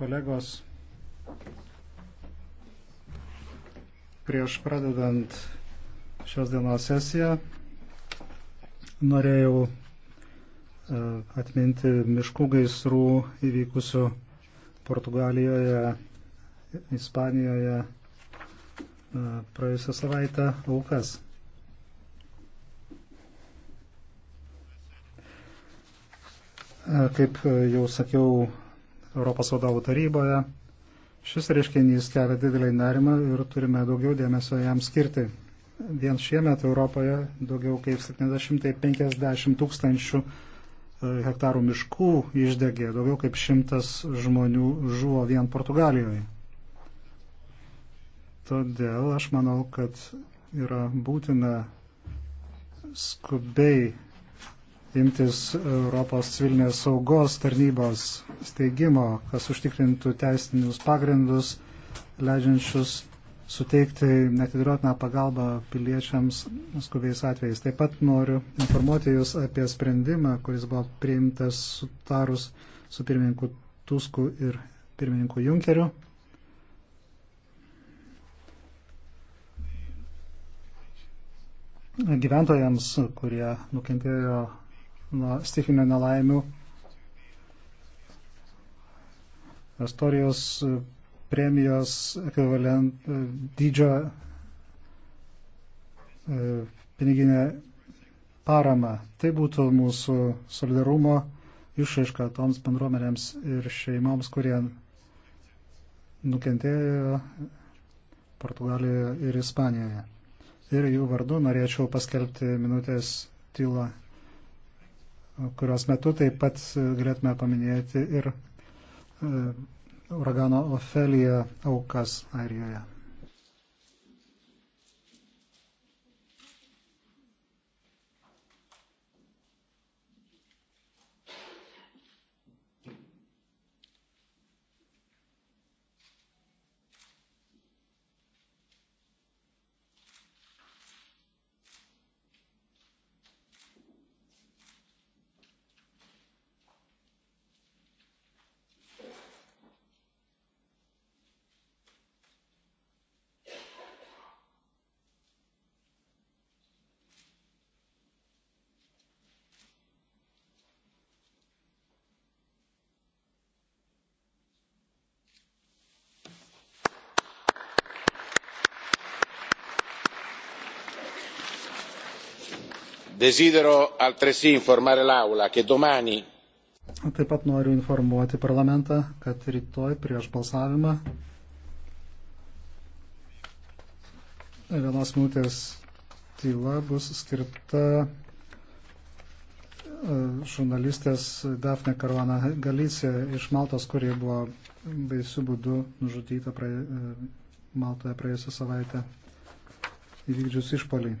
Kolegos, prieš pradedant šios dienos sesiją norėjau e, atminti miškų gaisrų įvykusių Portugalijoje, Ispanijoje e, praėjusią savaitę aukas. E, kaip jau sakiau Europos vadovų taryboje. Šis reiškinys kelia didelį nerimą ir turime daugiau dėmesio jam skirti. Vien šiemet Europoje daugiau kaip 750 tūkstančių e, hektarų miškų išdegė, daugiau kaip šimtas žmonių žuvo vien Portugalijoje. Todėl aš manau, kad yra būtina skubiai imtis Europos civilinės saugos tarnybos steigimo, kas užtikrintų teisinius pagrindus, leidžiančius suteikti netidirotiną pagalbą piliečiams skubiais atvejais. Taip pat noriu informuoti Jūs apie sprendimą, kuris buvo priimtas sutarus su pirmininku Tusku ir pirmininku Junkeriu. Gyventojams, kurie nukentėjo stichinio nelaimių. Astorijos premijos ekvivalent e, dydžio e, piniginė parama. Tai būtų mūsų solidarumo išaiška toms bendruomenėms ir šeimoms, kurie nukentėjo Portugalijoje ir Ispanijoje. Ir jų vardu norėčiau paskelbti minutės tylą kurios metu taip pat e, galėtume paminėti ir e, uragano Ofelija aukas Airijoje. desidero altresì informare l'aula che domani Taip pat noriu informuoti parlamentą, kad rytoj prieš balsavimą vienos minutės tyla bus skirta e, žurnalistės Dafne Karvana Galicija iš Maltos, kurie buvo baisių būdų nužudyta praė... E, Maltoje praėjusią savaitę įvykdžius išpolį.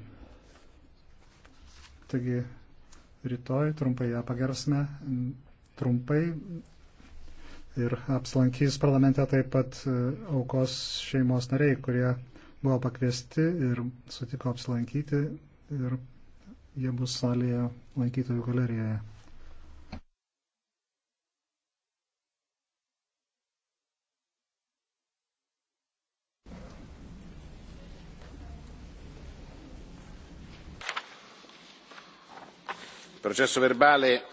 Taigi rytoj trumpai ją pagersime, trumpai ir apsilankys parlamente taip pat e, aukos šeimos nariai, kurie buvo pakviesti ir sutiko apsilankyti ir jie bus salėje lankytojų galerijoje. processo verbale